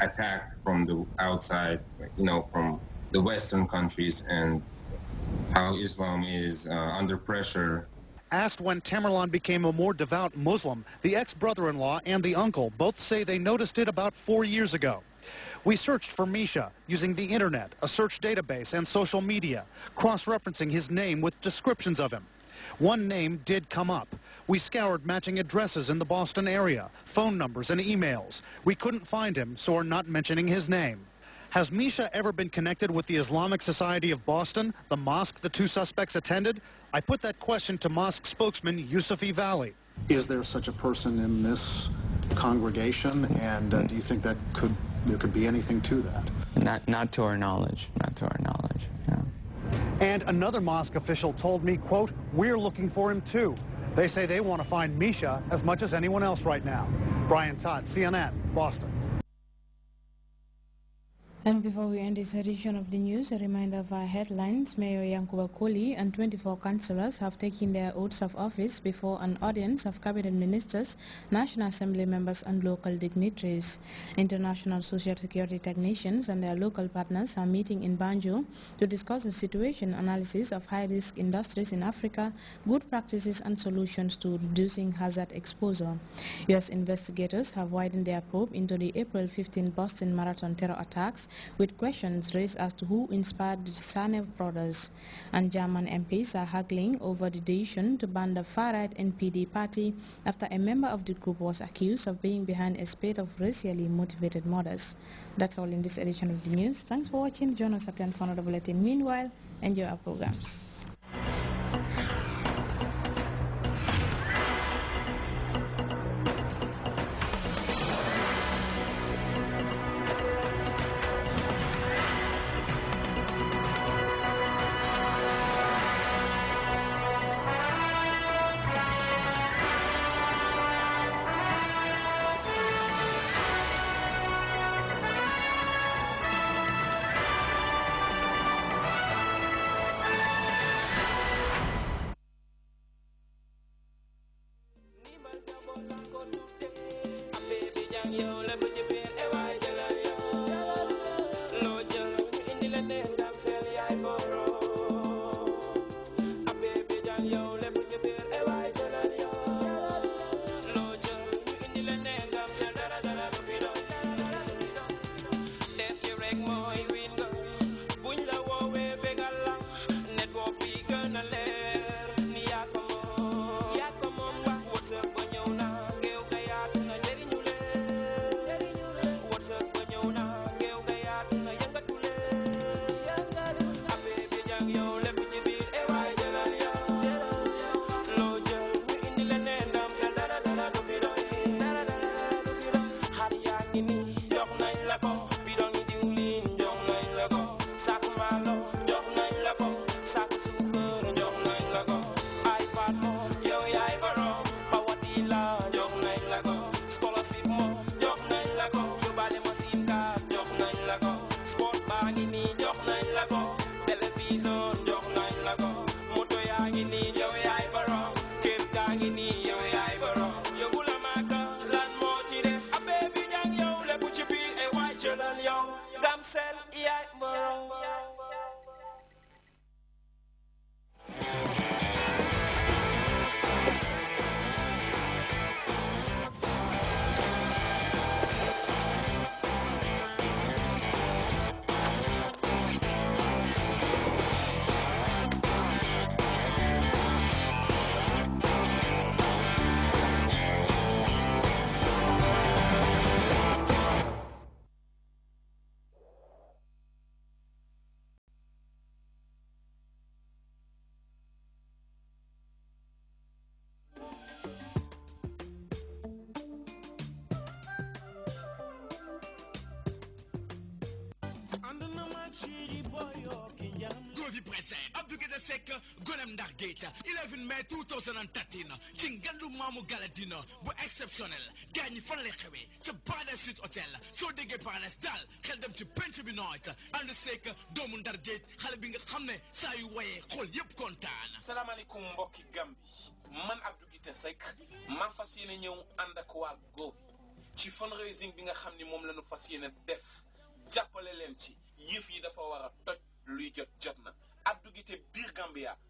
attacked from the outside, you know, from the Western countries and how Islam is uh, under pressure. Asked when Tamerlan became a more devout Muslim, the ex-brother-in-law and the uncle both say they noticed it about four years ago. We searched for Misha using the internet, a search database, and social media, cross-referencing his name with descriptions of him. One name did come up. We scoured matching addresses in the Boston area, phone numbers and emails. We couldn't find him, so are not mentioning his name. Has Misha ever been connected with the Islamic Society of Boston, the mosque the two suspects attended? I put that question to mosque spokesman Yusufi Valley. Is there such a person in this congregation, and uh, do you think that could there could be anything to that? Not, not to our knowledge. Not to our knowledge. And another mosque official told me, quote, we're looking for him too. They say they want to find Misha as much as anyone else right now. Brian Todd, CNN, Boston. And before we end this edition of the news, a reminder of our headlines. Mayor Yankuba Koli and 24 councillors have taken their oaths of office before an audience of cabinet ministers, National Assembly members and local dignitaries. International social security technicians and their local partners are meeting in Banjul to discuss the situation analysis of high-risk industries in Africa, good practices and solutions to reducing hazard exposure. U.S. investigators have widened their probe into the April 15 Boston Marathon terror attacks with questions raised as to who inspired the Sane brothers. And German MPs are haggling over the decision to ban the far-right NPD party after a member of the group was accused of being behind a spate of racially motivated murders. That's all in this edition of the news. Thanks for watching. Join us at 10 for another bulletin. Meanwhile, enjoy our programs. young, Gamsel, yeah, bro. Govi presen, Sek, Golem Dargate, 11 mai 2013, ci ngandu maamu galadina bu exceptionnel gaañ fan lay xewee ca Paradise Suite Hotel soo par les daal xel dem ci penc bi noot ànd seek doomu Ndargate xale bi nga xam sa saa yu wayee xool yëpp kontaan. salaamaaleykum mbokki Gambi man Abdou Guité Seck ma fas yéene ñëw Govi ci fundraising bi nga xam mom lañu la def. jàppale leen ci yëf yi dafa war a toj luy jot jot na addu gi te biir Gambia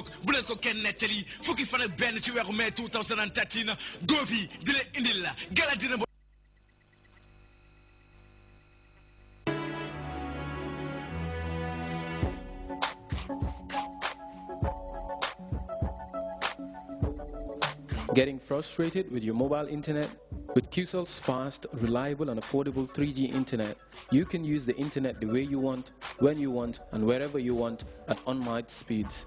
bu ko fukki fan ak ci mai 2013 di indil la Getting frustrated with your mobile internet? With QCell's fast, reliable and affordable 3G internet, you can use the internet the way you want, when you want and wherever you want at unmarked speeds.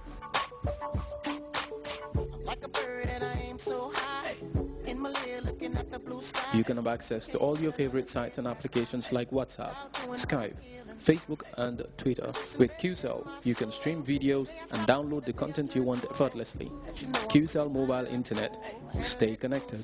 You can have access to all your favorite sites and applications like WhatsApp, Skype, Facebook and Twitter. With QCell, you can stream videos and download the content you want effortlessly. QCell Mobile Internet. Stay connected.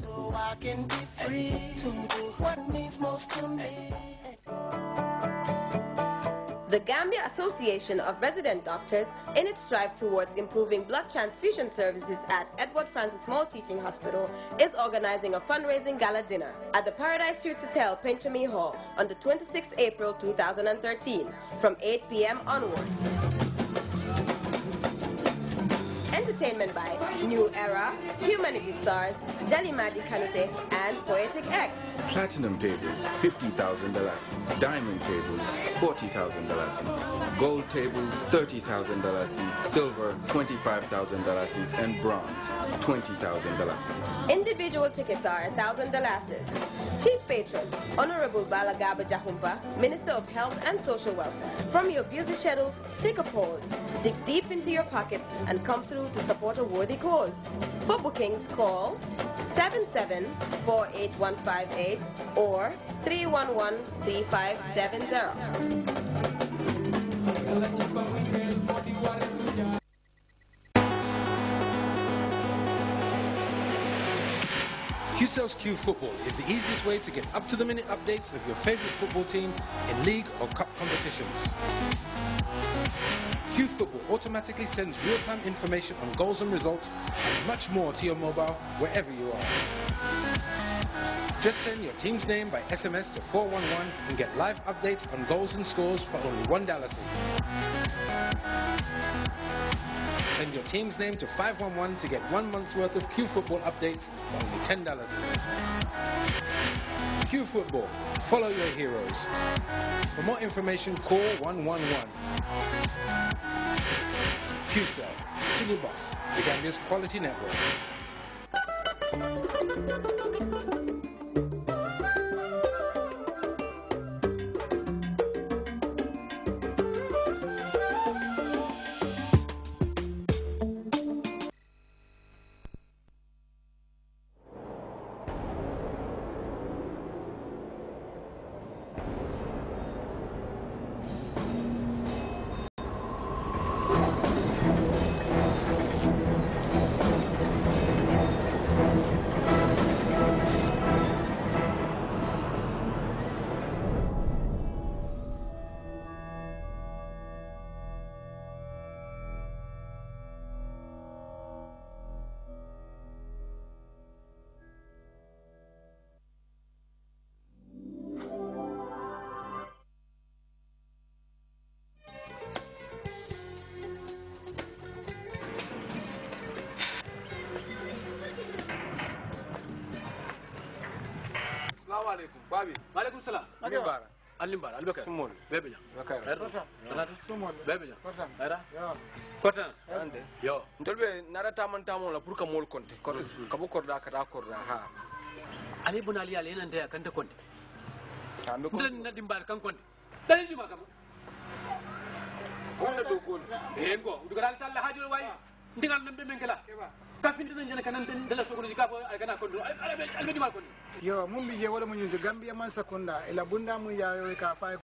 The Gambia Association of Resident Doctors, in its strive towards improving blood transfusion services at Edward Francis Moore Teaching Hospital, is organizing a fundraising gala dinner at the Paradise Suites Hotel, Pinchamee Hall, on the 26th April 2013, from 8 p.m. onwards. entertainment by New Era, Humanity Stars, Delimadi Kanute, and Poetic X. Platinum tables, $50,000 Diamond tables, $40,000 Gold tables, $30,000 Silver, $25,000 And bronze, $20,000 Individual tickets are $1,000 Chief patron, Honorable Balagaba Jahumpa, Minister of Health and Social Welfare. From your busy schedules, take a pause, dig deep into your pocket, and come through to support a worthy cause. For bookings, call 7748158 or 3113570. QCell's Q Football is the easiest way to get up-to-the-minute updates of your favorite football team in league or cup competitions. Q Football automatically sends real-time information on goals and results and much more to your mobile wherever you are. Just send your team's name by SMS to 411 and get live updates on goals and scores for only $1. Send your team's name to 511 to get one month's worth of Q Football updates for only $10. Q Football. Follow your heroes. For more information, call 111. QCell. City Bus. The Gambia's quality network. aleykum baabi maaleykum salaam alim bara alim bara albakar sumon bebe nya bakar sanata sumon bebe nya kotan ara kotan ande yo ndolbe nara taman tamon la pour que mol konte kotan mm. kabo korda kata korda ha ali bunali ali nan da kanta konte dan na dimbar kan konte dan dimbar kan wala do gol en go dugara tan la hajol wayi ndigal nambe men kala kafintinojene kanan ndela sokonoji ka fo gana kondu albe dimal kondu yo mum mbije wala muñinde gambia man ila bunda mum yayoy ka